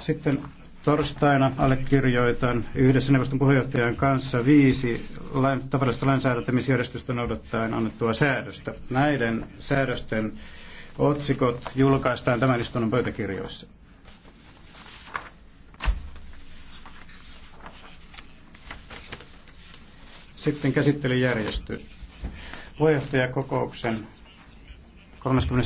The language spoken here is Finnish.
Sitten torstaina allekirjoitan yhdessä neuvoston puheenjohtajan kanssa viisi tavallista lainsäädäntämisjärjestystä noudattaen annettua säädöstä. Näiden säädösten otsikot julkaistaan tämän istunnon pöytäkirjoissa. Sitten käsittelyjärjestys. Puheenjohtajakokouksen 37.